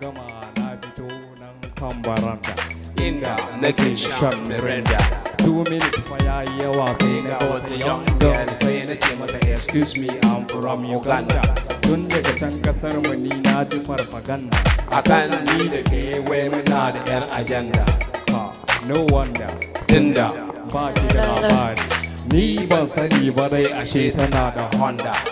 gama na fito nan kan baranda inda nake shan miranda two minutes fa ya yi yawa sai na wata young girl sai na ce mata excuse me I'm from Uganda tun daga can kasar mu ni na ji farfaganda akan ni da ke wai muna da yar ajanda no wonder Inda, ba ki da labari ni ban sani ba dai ashe tana da honda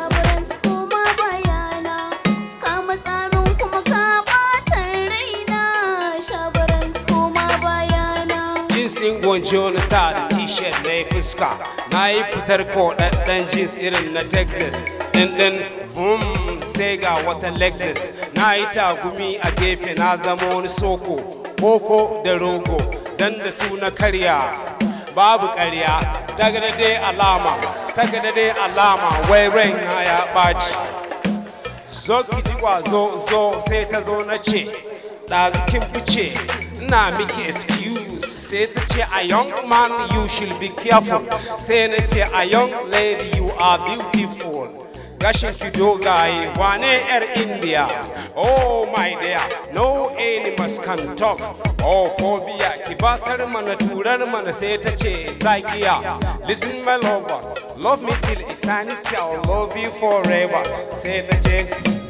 wando na sa da t-shirt na yi fuska na yi fitar koɗaɗɗen jeans irin na texas ɗin boom sai ga wata lexus na yi tagumi a gefe na zama wani soko koko da rogo dan da su na karya babu karya tagada dai alama tagada dai alama wai ran ya ɓaci zo ki zo zo sai ta zo na ce ɗazikin fice ina miki iska Say that a young man, you should be careful. Say that a young lady, you are beautiful. Rushing to guy, one air India. Oh my dear, no animals can talk. Oh phobia, kibasar mana turar mana sai ta ce zakiya. Listen my lover, love me till eternity, I'll love you forever. Say ta ce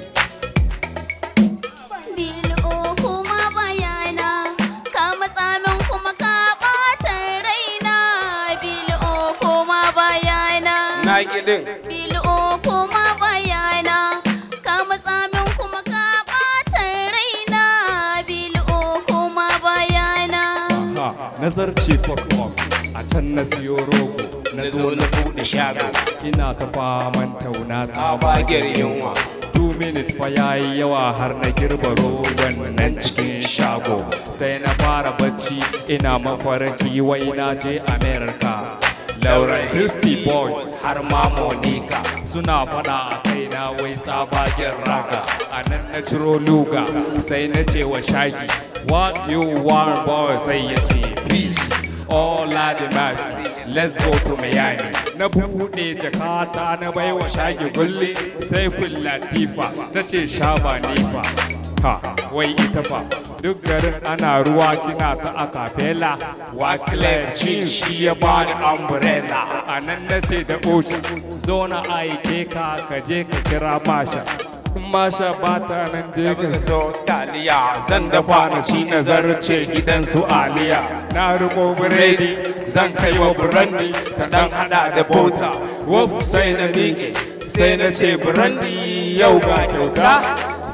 waƙi din bilu kuma bayana ka matsa min kuma ka bata raina bilu kuma bayana nazarci fox fox a can na siyo rogo na zo na buɗe shago ina ta faman tauna tsabagar yunwa two minutes fa ya yi yawa har na girba rogon nan cikin shago sai na fara bacci ina mafarki wai na je america lauren hilti boys har ma monica suna fada a kaina wai tsabagen raga a nan na ciro luga sai na ce wa shagi what you want boy sai ya ce peace all are the best let's go to Miami. Na buɗe jakata na baiwa shage gulli sai kun latifa ta ce sha ba nifa. Ha, wai ita fa. duk garin ana ruwa kina ta akapela wakilan jin shi ya bani umbrella a nan na ce da oshi zo na aike ka ka je ka kira masha masha ba ta nan je ka so taliya zan dafa na ci nazar ce gidan su aliya na riko biredi zan kai wa burandi ta dan hada da bota wuf sai na sai na ce burandi yau ga kyauta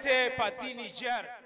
ce pati Niger.